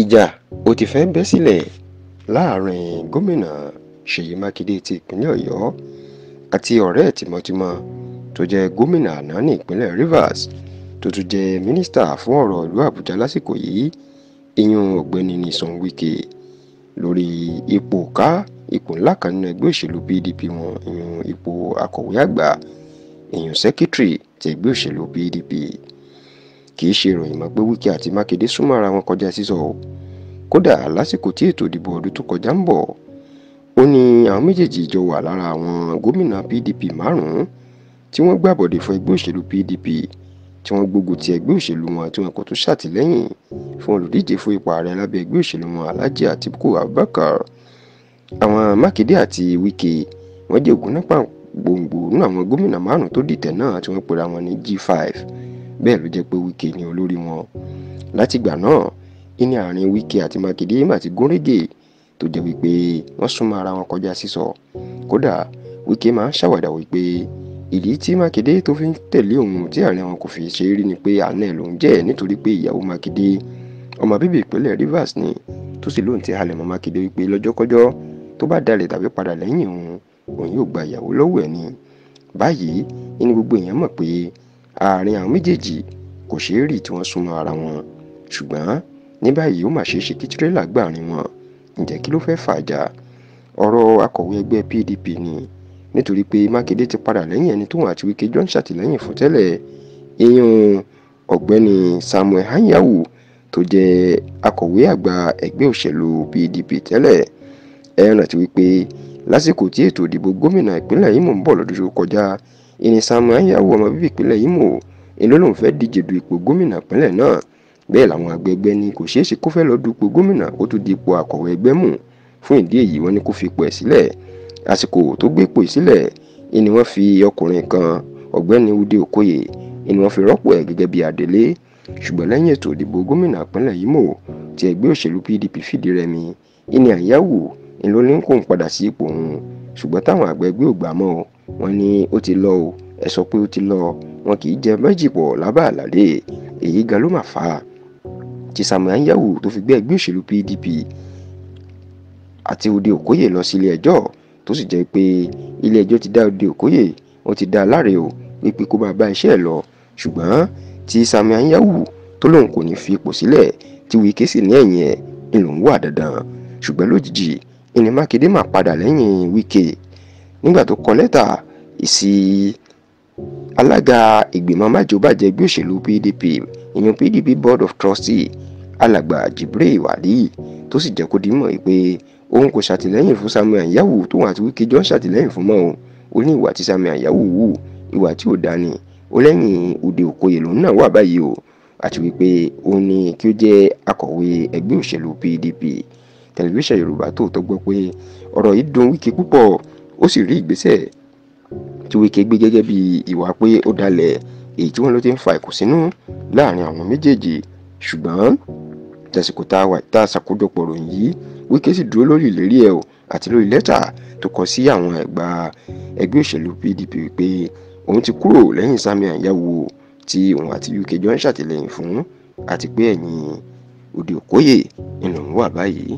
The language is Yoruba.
ìjà ó ti fẹ́ bẹ́ sílẹ̀ láàrin gómìnà ṣèyí mákindé ti ìpínlẹ̀ ọ̀yọ́ àti ọ̀rẹ́ ẹ̀ tímọ́tímọ́ tó jẹ́ gómìnà àná ní ìpínlẹ̀ rivers tó tún jẹ́ mínísítà fún ọ̀rọ̀ ìlú àbújá lásìkò yìí ìyún ọ̀gbẹ́ni nìsan wike lórí ipò ká ipò ńlá kan nínú ẹgbẹ́ òṣèlú pdp wọn ìyún ipò akọ̀wé àgbà ìyún sẹ́kítírì ti ẹgbẹ́ òṣèlú pdp kì í ṣe ìròyìn mọ́ pé Wike àti Mákindé súnmọ́ ara wọn kọjá sísọ o kódà lásìkò tí ètò ìdìbò ọdún tó kọjá ń bọ̀ ó ní àwọn méjèèjì jọ wà lára àwọn gómìnà PDP márùn-ún tí wọ́n gbàbọ̀dé fún ẹgbẹ́ òṣèlú PDP tí wọ́n gbógun ti ẹgbẹ́ òṣèlú wọn tí wọn kò tún ṣàtìlẹ́yìn fún olùdíje fún ipò ààrẹ lábẹ́ ẹgbẹ́ òṣèlú wọn Alhaji Atiku Abubakar àwọn Mákindé àti Wike wọ́n jẹ́ ògúnnápà gbòǹgbò nínú àwọn gómìnà márùn-ún tó dìtẹ̀ náà tí wọ́n pera wọn ní g five bẹ́ẹ̀ ló jẹ́ pé Wike ni olórí wọn látìgbà náà ìní àárín Wike àti Makinde mà ti gúnrégé tó jẹ́ wípé wọ́n súnmọ́ ara wọn kọjá sísọ kódà Wike máa ń ṣàwàdà wípé ìdí tí Makinde tó fi ń tẹ̀lé òun tí àárín wọn kò fi ṣe rí ni pé àná ẹ̀ ló ń jẹ́ nítorí pé ìyàwó Makinde ọmọ bíbí ìpínlẹ̀ Rivers ni tó sì lóun ti halẹ̀ mọ́ Makinde wípé lọ́jọ́kọ́jọ́ tó bá dalẹ̀ tàbí padà lẹ́yìn òun òun yóò gba ìyàwó lọ́wọ́ ẹ̀ ni báyìí inú gbogbo èèyàn mọ̀ pé àárín àwọn méjèèjì kò ṣeé rí tí wọ́n súnmọ́ ara wọn ṣùgbọ́n ní báyìí ó mà ṣeé ṣe kí tírélà gbàrin wọn ǹjẹ́ kí ló fẹ́ fàjà ọ̀rọ̀ akọ̀wé ẹgbẹ́ PDP ni nítorí pé Mákindé ti padà lẹ́yìn ẹni tóun àti Wike John ṣàtìlẹ́yìn fún tẹ́lẹ̀ ìyún ọ̀gbẹ́ni Samuel Anyanwu tó jẹ́ akọ̀wé àgbà ẹgbẹ́ òṣèlú PDP tẹ́lẹ̀ ẹ rántí wípé lásìkò tí ètò ìdìbò gómìnà ìpínlẹ̀ Imo ń bọ̀ lọ́dún tó kọjá ìní Sam Anyanwu ọmọ bíbí ìpínlẹ̀ Imo ló lóun fẹ́ díje du ipò gómìnà ìpínlẹ̀ náà bẹ́ẹ̀ làwọn agbègbè ní kò ṣeé ṣe kó fẹ́ lọ du ipò gómìnà kó tó di ipò akọ̀wé ẹgbẹ́ mú fún ìdí èyí wọ́n ní kó fi ipò ẹ̀ sílẹ̀ àsìkò tó gbé ipò sílẹ̀ ni wọ́n fi ọkùnrin kan ọ̀gbẹ́ni Ude Okoye ni wọ́n fi rọ́pò ẹ̀ gẹ́gẹ́ bí adelé ṣùgbọ́n lẹ́yìn ètò ìdìbò gómìnà ìpínlẹ̀ Imo tí ẹgbẹ́ òṣèlú PDP fìdí rẹmi ìní Anyanwu ni ló ní kóun padà sí ipò òun ṣùgbọ́n táwọn àgbẹ̀ gbé ògbà mọ́ wọ́n ní ó ti lọ o ẹ sọ pé ó ti lọ wọn kì í jẹ méjì pọ̀ lábàládé èyí gan ló mà fà á tí Samuel Anyanwu tó fi gbé ẹgbẹ́ òṣèlú PDP àti Òde Òkóyè lọ sí ilé ẹjọ́ tó sì jẹ́ pé ilé ẹjọ́ ti dá Òde Òkóyè wọ́n ti dá a láre o wípé kó máa bá iṣẹ́ ẹ̀ lọ ṣùgbọ́n tí Samuel Anyanwu tó lóun kò ní fi ipò sílẹ̀ tí Wike sì ní ẹ̀yìn ẹ̀ ni lòun wà dandan ṣùgbọ́n lójijì ìní Mákindé máa padà lẹ́yìn Wike nígbà tó kọ lẹ́tà ìsì alága ìgbìmọ̀ májòbàjẹ́ ẹgbẹ́ òṣèlú PDP ìyẹn PDP board of trustee alàgbà jibre Wali tó sì jẹ́ kó di mọ̀ pé òun kò ṣàtìlẹ́yìn fún Samuel Anyawu tóun àti Wike John ṣàtìlẹ́yìn fún mọ́ o ó ní ìwà tí Samuel Anyawu wù ìwà tí ò dání ó lẹ́yìn òde òkòyè lòun náà wà báyìí o àti wípé ó ní kí ó jẹ́ akọ̀wé ẹgbẹ́ òṣèlú PDP tẹlifíṣàn Yorùbá Tòótọ́ gbọ́ pé ọ̀rọ̀ yìí dùn Wike púpọ̀ ó sì rí ìgbésẹ̀ tí Wike gbé gẹ́gẹ́ bí ìwà pé ó dalẹ̀ èyí tí wọ́n ló ti ń fa ìkùnsínú láàrin àwọn méjèèjì ṣùgbọ́n tẹ̀sìkò tá a ṣàkójọpọ̀ ròyìn yìí Wike sì dúró lórí ìlérí ẹ̀ o àti lórí lẹ́tà tó kọ sí àwọn ẹ̀gbà ẹgbẹ́ òṣèlú PDP wípé òun ti kúrò lẹ́yìn Sammy Anyàwó tí òun àti UK jọ ń ṣàtìlẹ́yìn fún àti pé ẹ̀yìn Òdì Òkóyè ìnáwó wà báyìí.